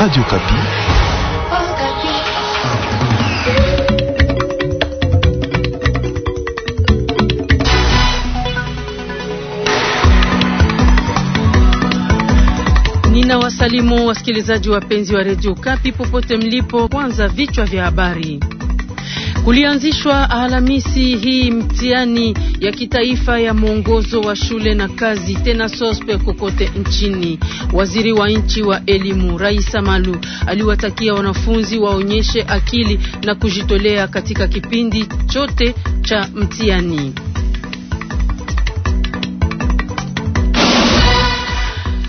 Radio Kapi. Nina wasalimu wasikilizaji wapenzi wa Radio Kapi popote mlipo. Kwanza vichwa vya habari. Kulianzishwa Alhamisi hii mtihani ya kitaifa ya mwongozo wa shule na kazi tena sospe kokote nchini. Waziri wa nchi wa elimu Raisa Malu aliwatakia wanafunzi waonyeshe akili na kujitolea katika kipindi chote cha mtihani.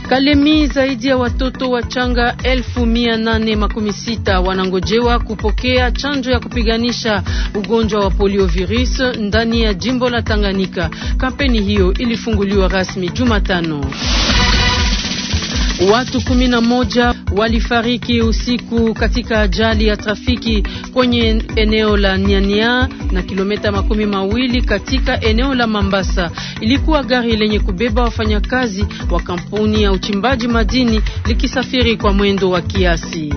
Kalemi, zaidi ya watoto wachanga 1816 wanangojewa kupokea chanjo ya kupiganisha ugonjwa wa poliovirus ndani ya jimbo la Tanganyika. Kampeni hiyo ilifunguliwa rasmi Jumatano. Watu kumi na moja walifariki usiku katika ajali ya trafiki kwenye eneo la niania na kilomita makumi mawili katika eneo la Mambasa. Ilikuwa gari lenye kubeba wafanyakazi wa kampuni ya uchimbaji madini likisafiri kwa mwendo wa kiasi.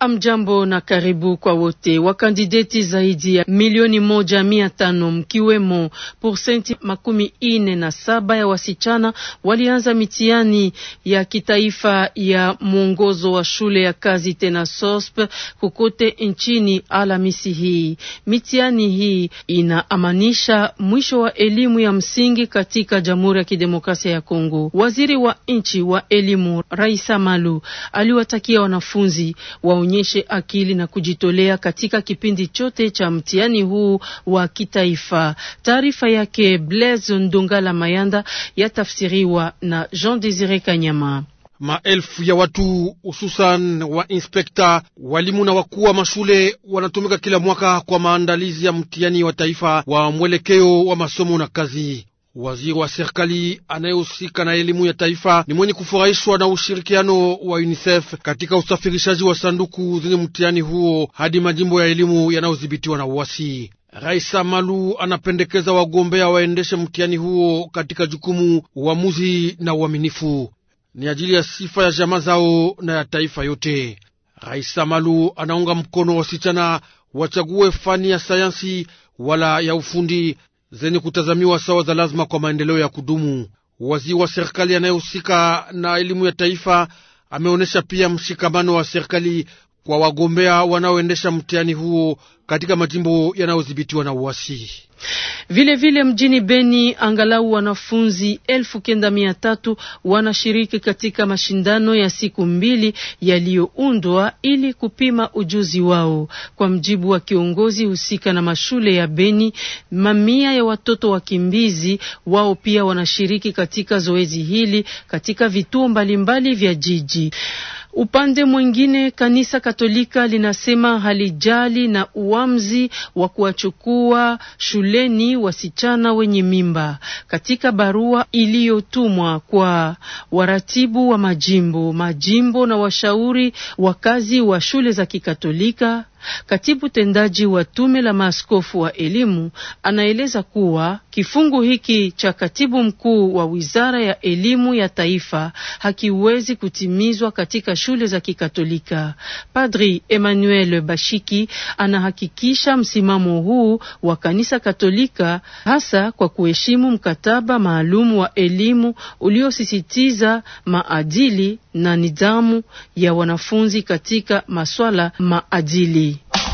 Amjambo na karibu kwa wote. Wakandideti zaidi ya milioni moja mia tano mkiwemo porsenti makumi ine na saba ya wasichana walianza mitihani ya kitaifa ya mwongozo wa shule ya kazi tena SOSP kokote nchini Alhamisi hii. Mitihani hii inaamanisha mwisho wa elimu ya msingi katika Jamhuri ya Kidemokrasia ya Kongo. Waziri wa nchi wa elimu Raisa Malu aliwatakia wanafunzi wa waonyeshe akili na kujitolea katika kipindi chote cha mtihani huu wa kitaifa. Taarifa yake Blaise Ndongala Mayanda yatafsiriwa na Jean Desire Kanyama. Maelfu ya watu hususan wa inspekta, walimu na wakuu wa mashule wanatumika kila mwaka kwa maandalizi ya mtihani wa taifa wa mwelekeo wa masomo na kazi. Waziri wa serikali anayehusika na elimu ya taifa ni mwenye kufurahishwa na ushirikiano wa UNICEF katika usafirishaji wa sanduku zenye mtihani huo hadi majimbo ya elimu yanayodhibitiwa na uasi. Rais Malu anapendekeza wagombea waendeshe mtihani huo katika jukumu, uamuzi na uaminifu, ni ajili ya sifa ya jamaa zao na ya taifa yote. Rais Malu anaunga mkono wasichana wachague fani ya sayansi wala ya ufundi zenye kutazamiwa sawa za lazima kwa maendeleo ya kudumu. Waziri wa serikali anayehusika na elimu ya taifa ameonyesha pia mshikamano wa serikali kwa wagombea wanaoendesha mtihani huo katika majimbo yanayodhibitiwa na uasi. Vile vile mjini Beni, angalau wanafunzi elfu kenda mia tatu wanashiriki katika mashindano ya siku mbili yaliyoundwa ili kupima ujuzi wao. Kwa mjibu wa kiongozi husika na mashule ya Beni, mamia ya watoto wakimbizi wao pia wanashiriki katika zoezi hili katika vituo mbalimbali mbali vya jiji. Upande mwingine, kanisa Katolika linasema halijali na uamuzi wa kuwachukua shuleni wasichana wenye mimba. Katika barua iliyotumwa kwa waratibu wa majimbo majimbo na washauri wakazi wa shule za Kikatolika Katibu tendaji wa tume la maaskofu wa elimu anaeleza kuwa kifungu hiki cha katibu mkuu wa wizara ya elimu ya taifa hakiwezi kutimizwa katika shule za Kikatolika. Padri Emmanuel Bashiki anahakikisha msimamo huu wa kanisa Katolika, hasa kwa kuheshimu mkataba maalum wa elimu uliosisitiza maadili na nidhamu ya wanafunzi katika maswala maadili. Paris.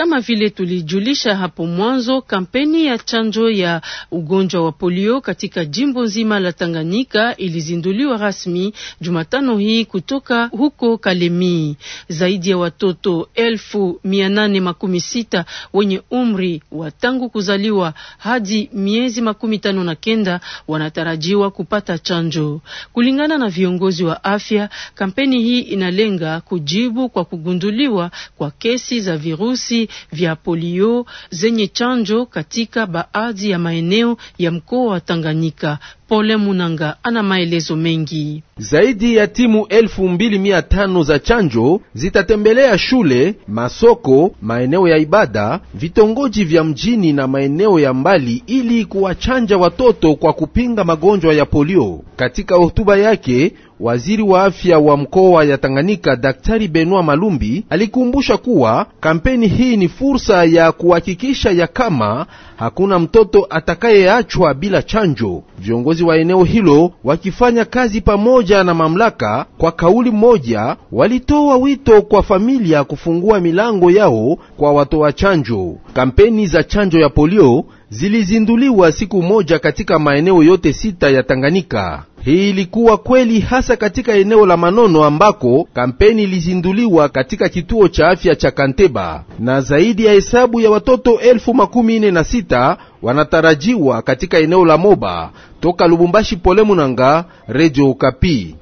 Kama vile tulijulisha hapo mwanzo, kampeni ya chanjo ya ugonjwa wa polio katika jimbo nzima la Tanganyika ilizinduliwa rasmi Jumatano hii kutoka huko Kalemi. Zaidi ya watoto elfu mia nane makumi sita wenye umri wa tangu kuzaliwa hadi miezi makumi tano na kenda wanatarajiwa kupata chanjo. Kulingana na viongozi wa afya, kampeni hii inalenga kujibu kwa kugunduliwa kwa kesi za virusi vya polio zenye chanjo katika baadhi ya maeneo ya mkoa wa Tanganyika. Pole Munanga ana maelezo mengi. Zaidi ya timu elfu mbili mia tano za chanjo zitatembelea shule, masoko, maeneo ya ibada, vitongoji vya mjini na maeneo ya mbali ili kuwachanja watoto kwa kupinga magonjwa ya polio. Katika hotuba yake, Waziri wa afya wa mkoa ya Tanganyika Daktari Benoit Malumbi alikumbusha kuwa kampeni hii ni fursa ya kuhakikisha ya kama hakuna mtoto atakayeachwa bila chanjo. Viongozi wa eneo hilo wakifanya kazi pamoja na mamlaka, kwa kauli moja walitoa wito kwa familia kufungua milango yao kwa watoa chanjo. Kampeni za chanjo ya polio zilizinduliwa siku moja katika maeneo yote sita ya Tanganyika. Hii ilikuwa kweli hasa katika eneo la Manono ambako kampeni ilizinduliwa katika kituo cha afya cha Kanteba na zaidi ya hesabu ya watoto elfu makumi ine na sita wanatarajiwa katika eneo la Moba. Toka Lubumbashi, Pole Munanga, radio Okapi.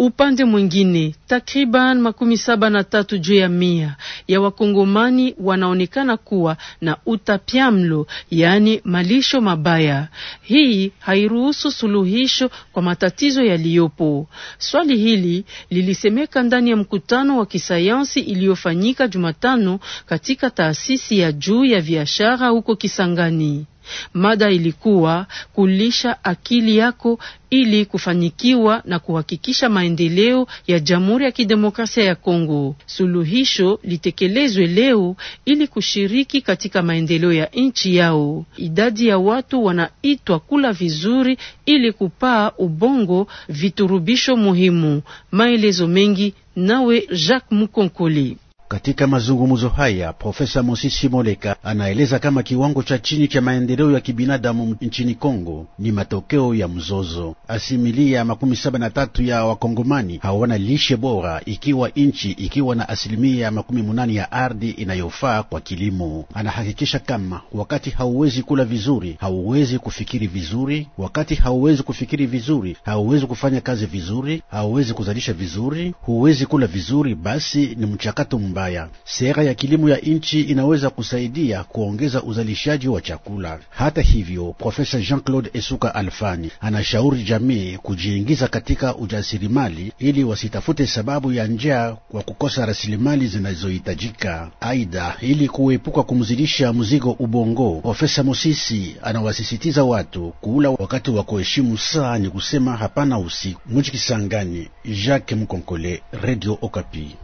Upande mwingine takriban makumi saba na tatu juu ya mia ya wakongomani wanaonekana kuwa na utapiamlo, yaani malisho mabaya. Hii hairuhusu suluhisho kwa matatizo yaliyopo. Swali hili lilisemeka ndani ya mkutano wa kisayansi iliyofanyika Jumatano katika taasisi ya juu ya biashara huko Kisangani. Mada ilikuwa kulisha akili yako ili kufanikiwa na kuhakikisha maendeleo ya Jamhuri ya Kidemokrasia ya Kongo. Suluhisho litekelezwe leo ili kushiriki katika maendeleo ya nchi yao. Idadi ya watu wanaitwa kula vizuri ili kupaa ubongo viturubisho muhimu. Maelezo mengi nawe Jacques Mukonkoli. Katika mazungumzo haya Profesa Mosisi Moleka anaeleza kama kiwango cha chini cha maendeleo ya kibinadamu nchini Kongo ni matokeo ya mzozo. Asimilia makumi saba na tatu ya wakongomani hawana lishe bora, ikiwa nchi ikiwa na asilimia makumi munani ya ardhi inayofaa kwa kilimo. Anahakikisha kama wakati hauwezi kula vizuri, hauwezi kufikiri vizuri. Wakati hauwezi kufikiri vizuri, hauwezi kufanya kazi vizuri, hauwezi kuzalisha vizuri, huwezi kula vizuri, basi ni mchakato mbaya. Sera ya kilimo ya nchi inaweza kusaidia kuongeza uzalishaji wa chakula. Hata hivyo, Profesa Jean-Claude Esuka Alfani anashauri jamii kujiingiza katika ujasirimali ili wasitafute sababu ya njaa kwa kukosa rasilimali zinazohitajika. Aidha, ili kuepuka kumzidisha mzigo ubongo, Profesa Mosisi anawasisitiza watu kuula wakati wa kuheshimu saa, ni kusema hapana usiku. Mujikisangani, Jacques Mkonkole, Radio Okapi.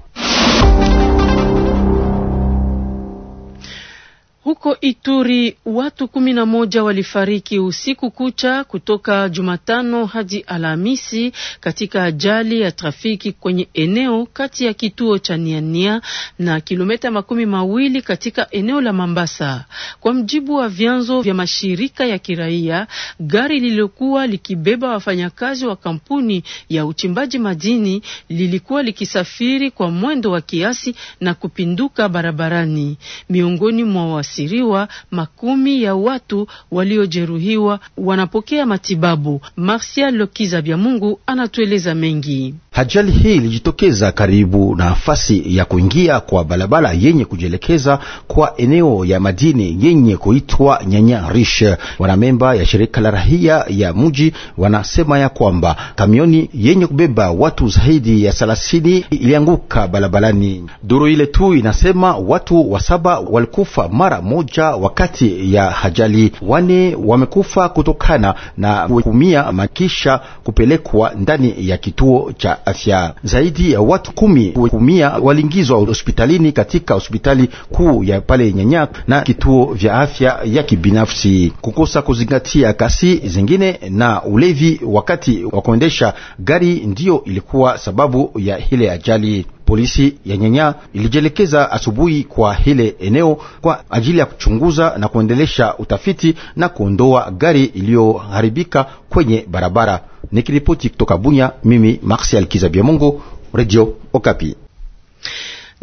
Huko Ituri watu kumi na moja walifariki usiku kucha kutoka Jumatano hadi Alhamisi katika ajali ya trafiki kwenye eneo kati ya kituo cha Niania na kilomita makumi mawili katika eneo la Mambasa. Kwa mjibu wa vyanzo vya mashirika ya kiraia, gari lililokuwa likibeba wafanyakazi wa kampuni ya uchimbaji madini lilikuwa likisafiri kwa mwendo wa kiasi na kupinduka barabarani miongoni mwa waliofasiriwa, makumi ya watu waliojeruhiwa wanapokea matibabu. Marsial Lokiza byamungu Mungu anatueleza mengi. Ajali hii ilijitokeza karibu na nafasi ya kuingia kwa barabara yenye kujielekeza kwa eneo ya madini yenye kuitwa Nyanya Rish. Wanamemba ya shirika la rahia ya mji wanasema ya kwamba kamioni yenye kubeba watu zaidi ya thelathini ilianguka barabarani. Duru ile tu inasema watu wa saba walikufa mara moja wakati ya ajali, wane wamekufa kutokana na kuumia makisha kupelekwa ndani ya kituo cha afya. Zaidi ya watu kumi kumia walingizwa hospitalini katika hospitali kuu ya pale Nyanya na kituo vya afya ya kibinafsi. Kukosa kuzingatia kasi zingine na ulevi wakati wa kuendesha gari ndiyo ilikuwa sababu ya ile ajali. Polisi ya Nyanya ilijielekeza asubuhi kwa hile eneo kwa ajili ya kuchunguza na kuendelesha utafiti na kuondoa gari iliyoharibika kwenye barabara. Nikiripoti kutoka Bunya, mimi Martial Kizabia Mungu, Radio Okapi.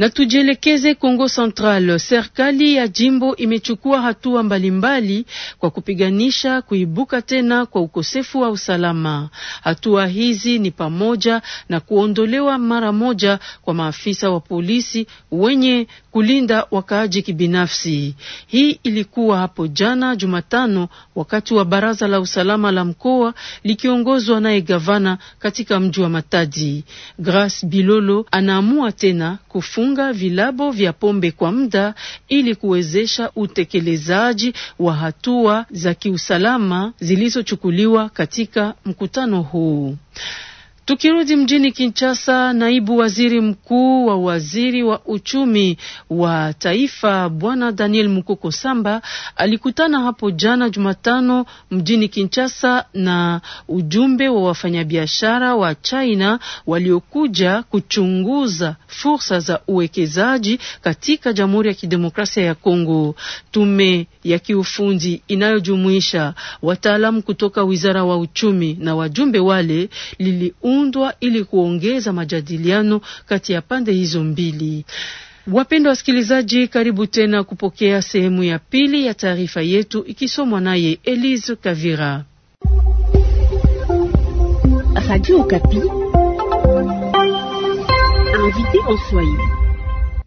Na tujielekeze Kongo Central. Serikali ya jimbo imechukua hatua mbalimbali mbali kwa kupiganisha kuibuka tena kwa ukosefu wa usalama. Hatua hizi ni pamoja na kuondolewa mara moja kwa maafisa wa polisi wenye kulinda wakaaji kibinafsi. Hii ilikuwa hapo jana Jumatano wakati wa baraza la usalama la mkoa likiongozwa naye gavana katika mji wa Matadi. Grace Bilolo anaamua tena kufunga kufunga vilabo vya pombe kwa muda ili kuwezesha utekelezaji wa hatua za kiusalama zilizochukuliwa katika mkutano huu. Tukirudi mjini Kinshasa, naibu waziri mkuu wa waziri wa uchumi wa taifa bwana Daniel Mukoko Samba alikutana hapo jana Jumatano mjini Kinshasa na ujumbe wa wafanyabiashara wa China waliokuja kuchunguza fursa za uwekezaji katika Jamhuri ya Kidemokrasia ya Kongo. Tume ya kiufundi inayojumuisha wataalamu kutoka wizara wa uchumi na wajumbe wale lili kuundwa ili kuongeza majadiliano kati ya pande hizo mbili. Wapendwa wasikilizaji, karibu tena kupokea sehemu ya pili ya taarifa yetu ikisomwa naye Elise Kavira.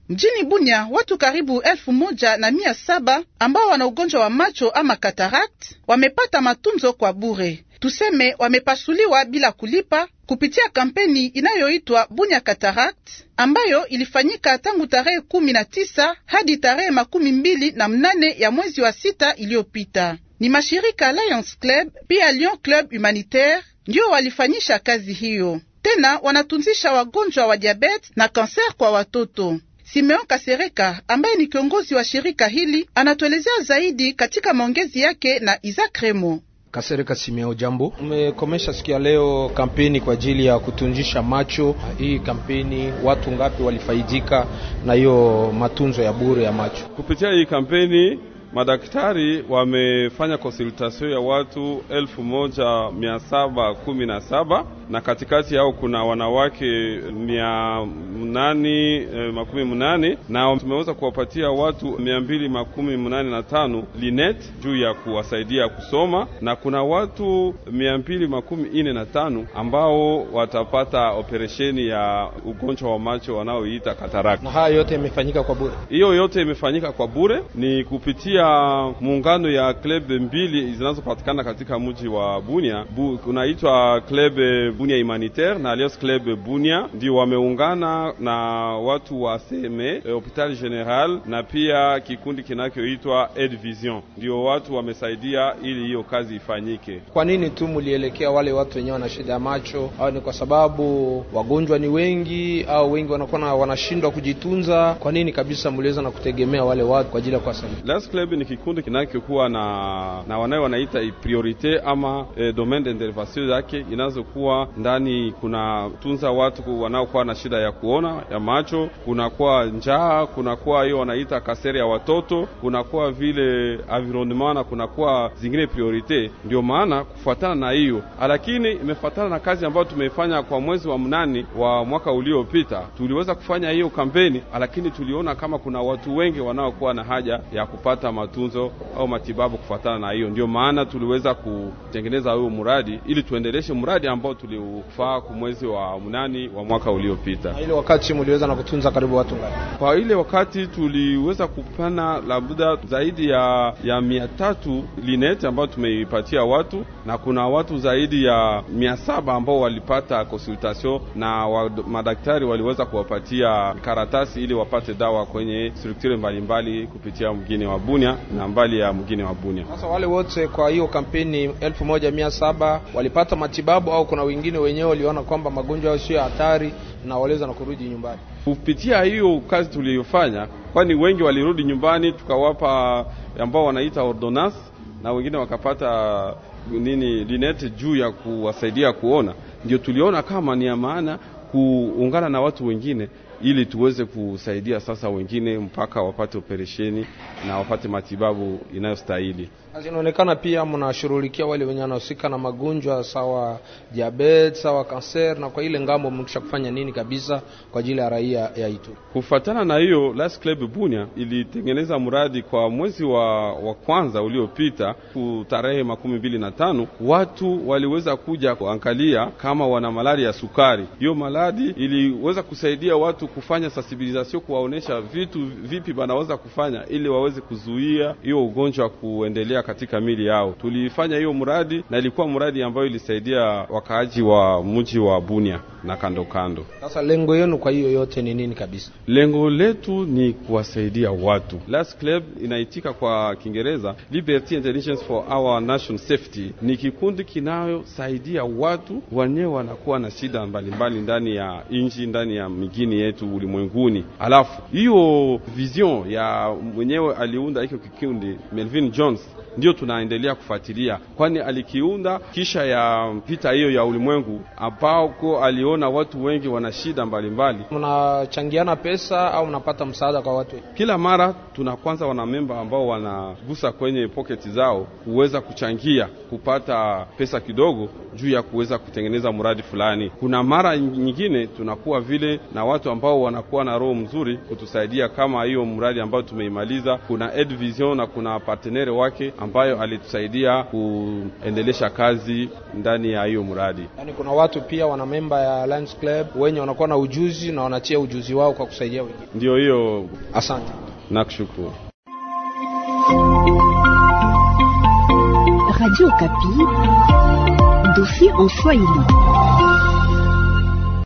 Mjini Bunya watu karibu elfu moja na mia saba ambao wana ugonjwa wa macho ama katarakt wamepata matunzo kwa bure tuseme wamepasuliwa bila kulipa kupitia kampeni inayoitwa Bunya Cataract ambayo ilifanyika tangu tarehe kumi na tisa hadi tarehe makumi mbili na mnane ya mwezi wa sita iliyopita. Ni mashirika Lions Club pia Lyon Club Humanitaire ndio walifanyisha kazi hiyo. Tena wanatunzisha wagonjwa wa diabete na kanser kwa watoto. Simeon Kasereka ambaye ni kiongozi wa shirika hili anatuelezea zaidi katika maongezi yake na Isaac Remo. Kasereka Simeo, jambo. Umekomesha siku ya leo kampeni kwa ajili ya kutunjisha macho. Hii kampeni watu ngapi walifaidika na hiyo matunzo ya bure ya macho kupitia hii kampeni? Madaktari wamefanya konsultasio ya watu elfu moja mia saba kumi na saba na katikati yao kuna wanawake mia mnani eh, makumi mnani na tumeweza kuwapatia watu mia mbili makumi mnani na tano linet juu ya kuwasaidia kusoma, na kuna watu mia mbili makumi na tano ambao watapata operesheni ya ugonjwa wa macho wanaoita kataraka. Na haya yote yamefanyika kwa bure, hiyo yote imefanyika kwa bure ni kupitia ya muungano ya club mbili zinazopatikana katika mji wa Bunia Bu, unaitwa club Bunia Humanitaire na Alliance club Bunia ndio wameungana na watu wa CME eh, Hopital General na pia kikundi kinachoitwa Aid Vision, ndio watu wamesaidia ili hiyo kazi ifanyike. Kwa nini tu mulielekea wale watu wenyewe wana shida ya macho, au ni kwa sababu wagonjwa ni wengi, au wengi wanakuwa wanashindwa kujitunza? Kwa nini kabisa muliweza na kutegemea wale watu kwa ajili ya kuwasaidia? Last club hivi ni kikundi kinachokuwa na, na wanayo wanaita priorite ama e, domaine d'intervention yake inazokuwa ndani. Kuna tunza watu wanaokuwa na shida ya kuona ya macho, kunakuwa njaa, kunakuwa hiyo wanaita kaseri ya watoto, kunakuwa vile environnement na kunakuwa zingine priorite. Ndio maana kufuatana na hiyo lakini imefuatana na kazi ambayo tumeifanya kwa mwezi wa mnani wa mwaka uliopita, tuliweza kufanya hiyo kampeni, lakini tuliona kama kuna watu wengi wanaokuwa na haja ya kupata matunzo au matibabu kufuatana na hiyo. Ndio maana tuliweza kutengeneza huyo mradi ili tuendeleshe mradi ambao tuliufaa mwezi wa mnani wa mwaka uliopita. Ile wakati mliweza na kutunza karibu watu ngapi? Kwa ile wakati tuliweza kupana labda zaidi ya, ya mia tatu lineti ambayo tumeipatia watu na kuna watu zaidi ya mia saba ambao walipata konsultasyon na wa, madaktari waliweza kuwapatia karatasi ili wapate dawa kwenye strukture mbalimbali kupitia mgini wa Buni. Bunia na mbali ya mwingine wa Bunia. Sasa wale wote kwa hiyo kampeni elfu moja mia saba walipata matibabu au kuna wengine wenyewe waliona kwamba magonjwa yao sio hatari na waliweza na kurudi nyumbani kupitia hiyo kazi tuliyofanya, kwani wengi walirudi nyumbani, tukawapa ambao wanaita ordonance na wengine wakapata nini linete juu ya kuwasaidia kuona. Ndio tuliona kama ni ya maana kuungana na watu wengine ili tuweze kusaidia sasa wengine mpaka wapate operesheni na wapate matibabu inayostahili. Inaonekana pia mnashughulikia wale wenye wanahusika na magonjwa sawa diabetes, sawa kanser, na kwa ile ngambo mnakisha kufanya nini kabisa kwa ajili ya raia ya itu. Kufuatana na hiyo, Last Club Bunia ilitengeneza mradi kwa mwezi wa, wa kwanza uliopita ku tarehe makumi mbili na tano watu waliweza kuja kuangalia kama wana malaria ya sukari. Hiyo maladi iliweza kusaidia watu kufanya sensibilisation, kuwaonesha vitu vipi wanaweza kufanya ili waweze kuzuia hiyo ugonjwa kuendelea katika mili yao. Tulifanya hiyo mradi na ilikuwa mradi ambayo ilisaidia wakaaji wa mji wa Bunia na kando kando. Sasa lengo yenu kwa hiyo yote ni nini kabisa? Lengo letu ni kuwasaidia watu. Last Club inaitika kwa Kiingereza Liberty Intelligence for our national Safety, ni kikundi kinayosaidia watu wenyewe wanakuwa na shida mbalimbali mbali ndani ya nchi, ndani ya migini yetu wetu ulimwenguni. Alafu hiyo vision ya mwenyewe aliunda hiko kikundi Melvin Jones ndio tunaendelea kufuatilia, kwani alikiunda kisha ya vita hiyo ya ulimwengu, ambako aliona watu wengi wana shida mbalimbali. Mnachangiana pesa au mnapata msaada kwa watu? Kila mara tuna kwanza wanamemba ambao wanagusa kwenye poketi zao kuweza kuchangia kupata pesa kidogo juu ya kuweza kutengeneza mradi fulani. Kuna mara nyingine tunakuwa vile na watu ambao ambao wanakuwa na roho mzuri kutusaidia, kama hiyo mradi ambayo tumeimaliza. Kuna Ed Vision na kuna partenere wake ambayo alitusaidia kuendelesha kazi ndani ya hiyo mradi. Yani kuna watu pia wana memba ya Lions Club wenye wanakuwa na ujuzi na wanachia ujuzi wao kwa kusaidia wengine, ndio hiyo. Asante na kushukuru. Radio Kapi, dossier en Swahili.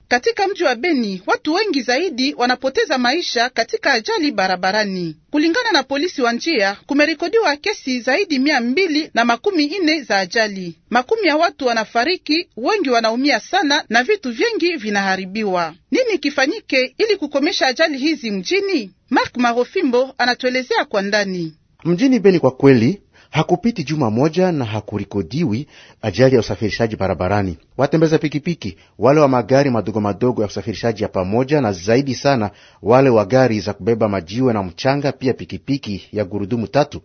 Katika mji wa Beni watu wengi zaidi wanapoteza maisha katika ajali barabarani. Kulingana na polisi wa njia, kumerekodiwa kesi zaidi mia mbili na makumi nne za ajali. Makumi ya watu wanafariki, wengi wanaumia sana na vitu vingi vinaharibiwa. Nini kifanyike ili kukomesha ajali hizi mjini? Mark Marofimbo anatuelezea kwa ndani. Mjini Beni kwa kweli Hakupiti juma moja na hakurikodiwi ajali ya usafirishaji barabarani. Watembeza pikipiki, wale wa magari madogo madogo ya usafirishaji ya pamoja, na zaidi sana wale wa gari za kubeba majiwe na mchanga, pia pikipiki ya gurudumu tatu,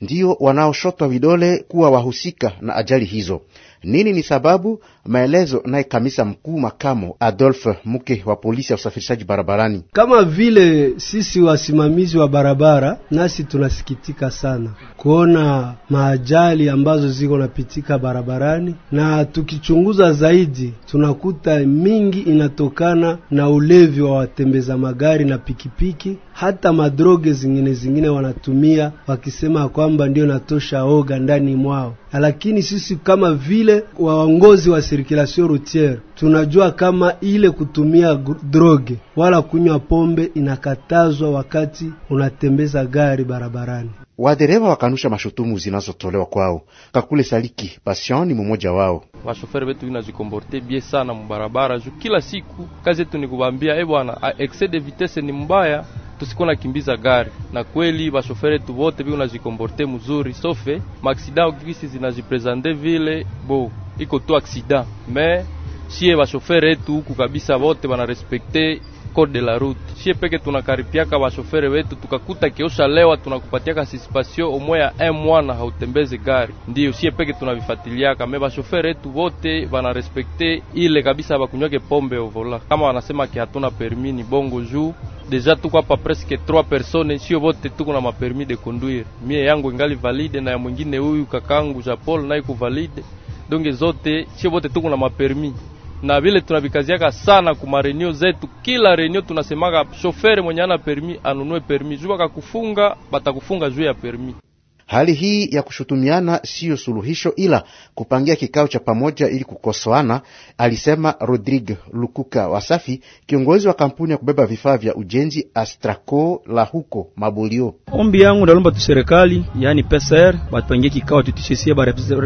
ndio wanaoshotwa vidole kuwa wahusika na ajali hizo. Nini ni sababu? Maelezo naye kamisa mkuu makamo Adolphe Muke wa polisi ya usafirishaji barabarani. Kama vile sisi wasimamizi wa barabara, nasi tunasikitika sana kuona maajali ambazo ziko napitika barabarani, na tukichunguza zaidi tunakuta mingi inatokana na ulevi wa watembeza magari na pikipiki, hata madroge zingine zingine wanatumia, wakisema kwamba ndio natosha oga ndani mwao lakini sisi kama vile waongozi wa sirkulation routiere tunajua kama ile kutumia droge wala kunywa pombe inakatazwa wakati unatembeza gari barabarani. Wadereva wakanusha mashutumu zinazotolewa kwao. Kakule Saliki Pasion ni mmoja wao. Washoferi wetu inajikomporte bie sana mubarabara juu kila siku kazi yetu ni kubambia, ebwana eh excès vitesse ni mbaya tusiko tusikuwa nakimbiza gari na kweli bashofere tu bote biko najikomporte mzuri, sofe eh, maaksida gisi zinajipresente vile bo iko tu aksida me sie eh, bashofere etu huku kabisa bote banarespekte code de la route. Sie peke tunakaripiaka bashofere wetu, tukakuta kiosha lewa tunakupatiaka sisipasio omwe ya m mwana hautembeze gari. Ndiyo sie peke tunavifatiliaka me bashofere wetu bote banarespekte ile kabisa, bakunywake pombe ovola kama wanasema ki hatuna permis ni bongo juu deja tuko hapa presque 3 personnes, sio bote tuko na mapermis de conduire. Mie yangu ingali valide na ya mwingine huyu kakangu Japol naye ku valide, donge zote sio bote tuko na mapermis na vile tunavikaziaka sana kuma renio zetu, kila renio tunasemaga shofere mwenye ana permis anunue permis juu bakakufunga batakufunga juu ya permis Hali hii ya kushutumiana siyo suluhisho, ila kupangia kikao cha pamoja ili kukosoana, alisema Rodrigue Lukuka Wasafi, kiongozi wa kampuni ya kubeba vifaa vya ujenzi Astraco la huko Mabolio. Ombi yangu ndalomba tu serikali, yaani PCR, batupangie kikao tutishisie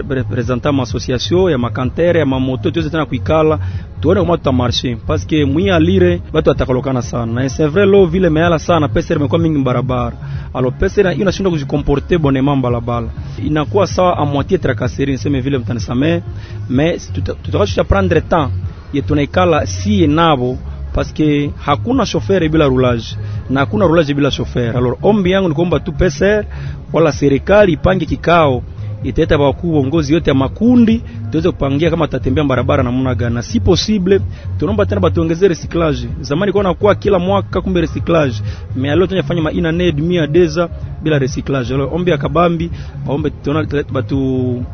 barepresentant ma association ya makantere ya mamoto tuweze tena kuikala tuone kama tutamarshe paske mwi alire batu atakalokana sana na c'est lo vile meala sana, pesa imekuwa mingi mbarabara alo pesa hiyo nashindwa kujikomporte bonema vraiment mbalabala, inakuwa sawa a moitié trakaseri, niseme vile, mtanisame mais tutakuwa prendre temps ye tunaikala siye nabo paske hakuna shofere bila roulage na hakuna roulage bila shofere. Alors ombi yangu ni kuomba tu PCR wala serikali ipange kikao itaeta wakuu uongozi yote ya makundi tuweze kupangia kama tutatembea barabara namna gani, si possible. Tunaomba tena batuongezee recyclage. Zamani kwa nakuwa kila mwaka kumbe recyclage, mais leo tunafanya ma ina need mia deza bila recyclage. Leo ombi akabambi aombe tuna batu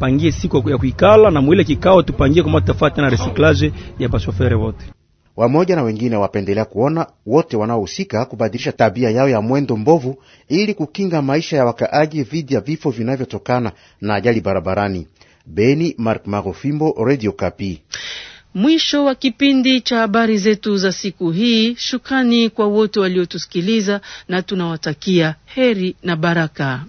pangie siku ya kuikala na mwile kikao tupangie kama tutafuata tena recyclage ya bashofere wote wamoja na wengine wapendelea kuona wote wanaohusika kubadilisha tabia yao ya mwendo mbovu ili kukinga maisha ya wakaaji dhidi ya vifo vinavyotokana na ajali barabarani. Beni, Mark Marofimbo, Radio Kapi. Mwisho wa kipindi cha habari zetu za siku hii. Shukrani kwa wote waliotusikiliza na tunawatakia heri na baraka.